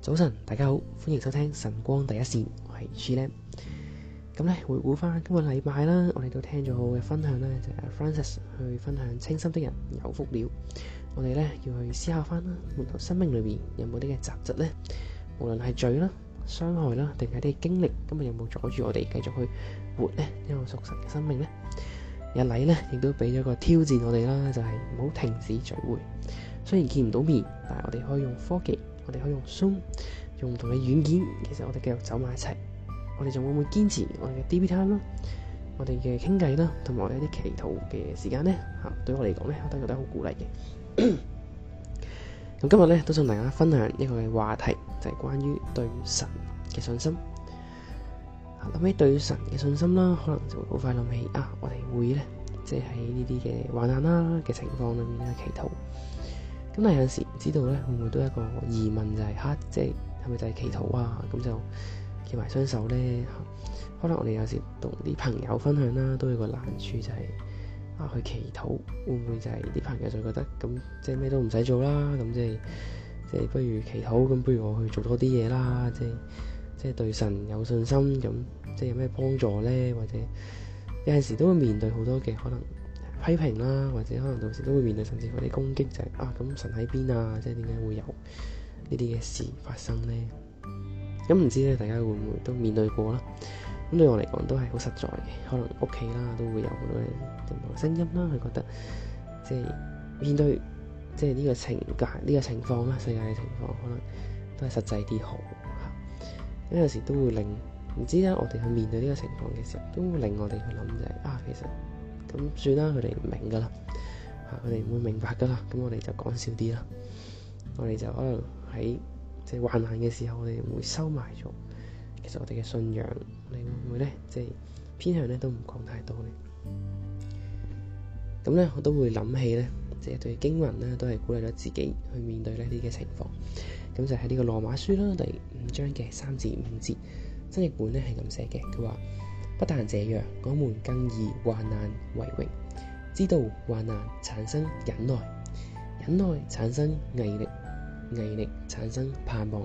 早晨，大家好，歡迎收聽晨光第一線，我係 Chilam。咁呢，回顧翻今個禮拜啦，我哋都聽咗好嘅分享呢，就係 Francis 去分享清心的人有福了。我哋呢，要去思考翻啦，活生命裏面有冇啲嘅雜質呢？無論係罪啦、傷害啦，定係啲經歷，今日有冇阻住我哋繼續去活呢？一個屬神嘅生命呢，日禮呢，亦都俾咗個挑戰我哋啦，就係唔好停止聚會。雖然見唔到面，但係我哋可以用科技，我哋可以用 Zoom，用唔同嘅軟件，其實我哋繼續走埋一齊，我哋仲會唔會堅持我哋嘅 DB time 啦，我哋嘅傾偈啦，同埋我哋一啲祈禱嘅時間呢，吓對我嚟講呢，我都覺得好鼓勵嘅。咁 今日呢，都想大家分享一個嘅話題，就係關於對神嘅信心。吓諗起對神嘅信心啦，可能就會好快諗起啊，我哋會呢，即係喺呢啲嘅患難啦嘅情況裏面咧祈禱。咁係有陣時唔知道咧會唔會都一個疑問就係、是、嚇，即係係咪就係、是、祈禱啊？咁、啊、就叫埋雙手咧、啊，可能我哋有時同啲朋友分享啦、啊，都有一個難處就係、是、啊，去祈禱會唔會就係、是、啲、啊、朋友就覺得咁即係咩都唔使做啦？咁即係即係不如祈禱，咁不如我去做多啲嘢啦？即係即係對神有信心咁，即係、就是、有咩幫助咧？或者有陣時都會面對好多嘅可能。批評啦，或者可能到時都會面對，甚至乎啲攻擊就係、是、啊，咁神喺邊啊？即係點解會有呢啲嘅事發生呢？咁、嗯、唔、嗯、知咧，大家會唔會都面對過啦？咁對我嚟講都係好實在嘅，可能屋企啦都會有好多聲音啦，佢覺得即係面對即係呢個情界呢、啊這個情況啦，世界嘅情況，可能都係實際啲好吓。咁有時都會令唔知咧，我哋去面對呢個情況嘅時候，都會令我哋去諗就係啊，其實。咁算啦，佢哋唔明噶啦，嚇佢哋唔會明白噶啦。咁我哋就講少啲啦，我哋就可能喺即係患難嘅時候，我哋會收埋咗其實我哋嘅信仰，你會唔會咧？即係偏向咧，都唔講太多咧。咁咧，我都會諗起咧，即係對經文咧，都係鼓勵咗自己去面對咧呢啲嘅情況。咁就喺呢個羅馬書啦，第五章嘅三至五節，真譯本咧係咁寫嘅，佢話。不但這樣，我們更以患難為榮，知道患難產生忍耐，忍耐產生毅力，毅力產生盼望，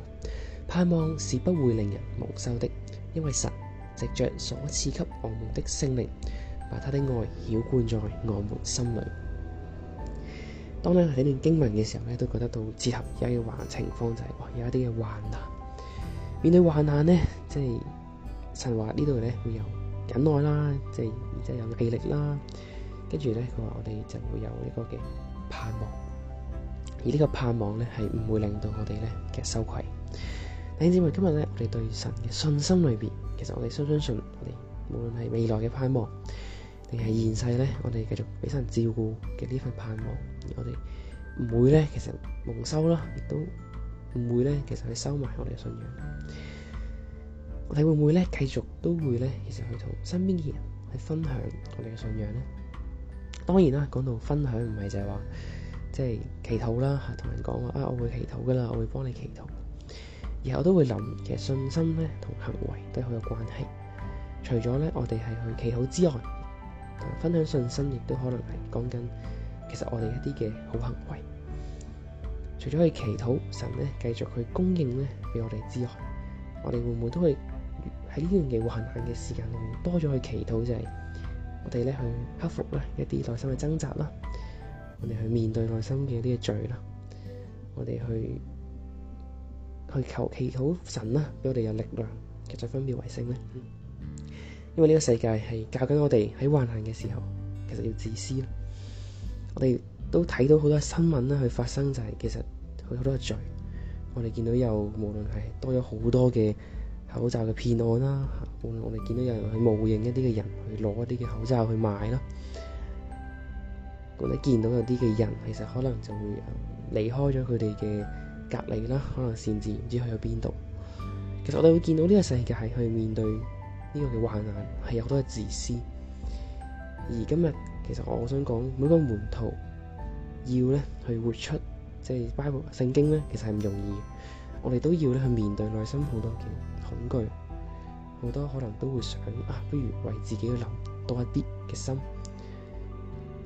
盼望是不會令人蒙羞的，因為神藉着所賜給我們的聖靈，把他的愛澆灌在我們心裏。當你睇段經文嘅時候咧，都覺得到結合、情況就是哦、有一啲嘅患難，面對患難呢，即係神話呢度咧會有，忍耐啦，即係而且有毅力啦，跟住咧，佢話我哋就會有呢個嘅盼望，而呢個盼望咧係唔會令到我哋咧其實羞愧。弟兄姊妹，今日咧我哋對神嘅信心裏邊，其實我哋相相信，信我，我哋無論係未來嘅盼望，定係現世咧，我哋繼續俾神照顧嘅呢份盼望，我哋唔會咧其實蒙羞啦，亦都唔會咧其實去收埋我哋嘅信仰。你會唔會咧繼續都會咧？其實去同身邊嘅人去分享我哋嘅信仰呢？當然啦，講到分享唔係就係話即係祈禱啦，吓，同人講話啊，我會祈禱噶啦，我會幫你祈禱。然後我都會諗，其實信心咧同行為都好有關係。除咗咧，我哋係去祈禱之外，分享信心亦都可能係講緊其實我哋一啲嘅好行為。除咗去祈禱，神咧繼續去供應咧俾我哋之外，我哋會唔會都去？呢段嘢，患難嘅時間多咗去祈禱就係、是、我哋咧去克服咧一啲內心嘅掙扎啦，我哋去面對內心嘅呢個罪啦，我哋去去求祈禱神啦，俾我哋有力量，其實分別為聖咧、嗯。因為呢個世界係教緊我哋喺患難嘅時候，其實要自私咯。我哋都睇到好多新聞咧，去發生就係、是、其實好多嘅罪，我哋見到又無論係多咗好多嘅。口罩嘅騙案啦，我我哋見到有人去冒認一啲嘅人去攞一啲嘅口罩去賣啦。我哋見到有啲嘅人其實可能就會離開咗佢哋嘅隔離啦，可能甚至唔知去咗邊度。其實我哋會見到呢個世界係去面對呢個嘅患難，係有好多嘅自私。而今日其實我想講每個門徒要咧去活出，即係包括聖經咧，其實係唔容易。我哋都要咧去面對內心好多嘅恐懼，好多可能都會想啊，不如為自己去諗多一啲嘅心。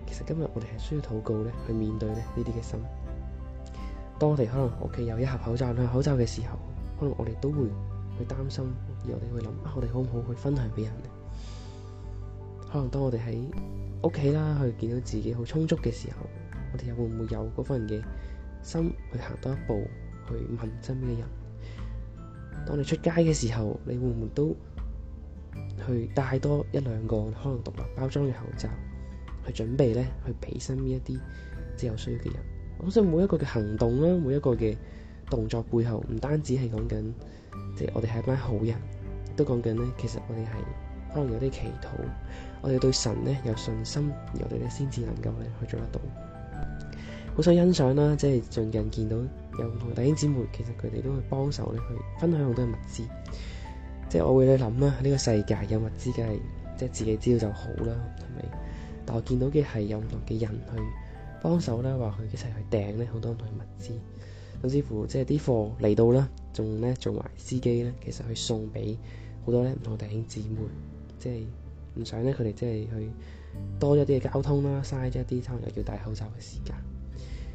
其實今日我哋係需要禱告咧，去面對咧呢啲嘅心。當我哋可能屋企有一盒口罩咧，兩盒口罩嘅時候，可能我哋都會去擔心，而我哋會諗我哋好唔好去分享俾人咧？可能當我哋喺屋企啦，去見到自己好充足嘅時候，我哋又會唔會有嗰份嘅心去行多一步，去問身邊嘅人？當你出街嘅時候，你會唔會都去帶多一兩個可能獨立包裝嘅口罩去準備咧？去俾身邊一啲即有需要嘅人。我想每一個嘅行動啦，每一個嘅動作背後，唔單止係講緊即係我哋係一班好人，都講緊咧，其實我哋係可能有啲祈禱，我哋對神咧有信心呢，然後我哋咧先至能夠咧去做得到。好想欣賞啦，即係最近見到。有唔同弟兄姊妹，其實佢哋都去幫手咧，去分享好多嘅物資。即係我會去諗啦，呢、這個世界有物資梗係，即係自己知道就好啦，係咪？但我見到嘅係有唔同嘅人去幫手咧，話佢一齊去訂咧好多唔同嘅物資，甚至乎即係啲貨嚟到啦，仲咧做埋司機咧，其實去送俾好多咧唔同弟兄姊妹，即係唔想咧佢哋即係去多咗啲嘅交通啦，嘥咗一啲可能又要戴口罩嘅時間。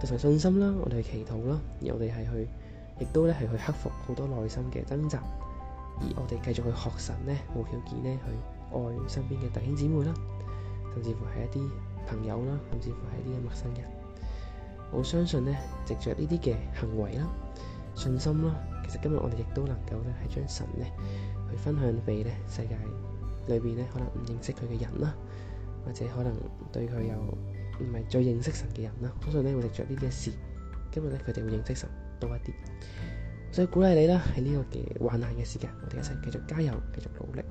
就係信心啦，我哋祈禱啦，而我哋係去，亦都咧係去克服好多內心嘅掙扎，而我哋繼續去學神咧，無條件咧去愛身邊嘅弟兄姊妹啦，甚至乎係一啲朋友啦，甚至乎係一啲陌生人。我相信咧，藉著呢啲嘅行為啦、信心啦，其實今日我哋亦都能夠咧係將神咧去分享俾咧世界裏邊咧可能唔認識佢嘅人啦，或者可能對佢有。唔係最認識神嘅人啦，相信咧會着呢啲嘅事。今日咧佢哋會認識神多一啲，所以鼓勵你啦，喺呢個嘅患難嘅時間，我哋一齊繼續加油，繼續努力。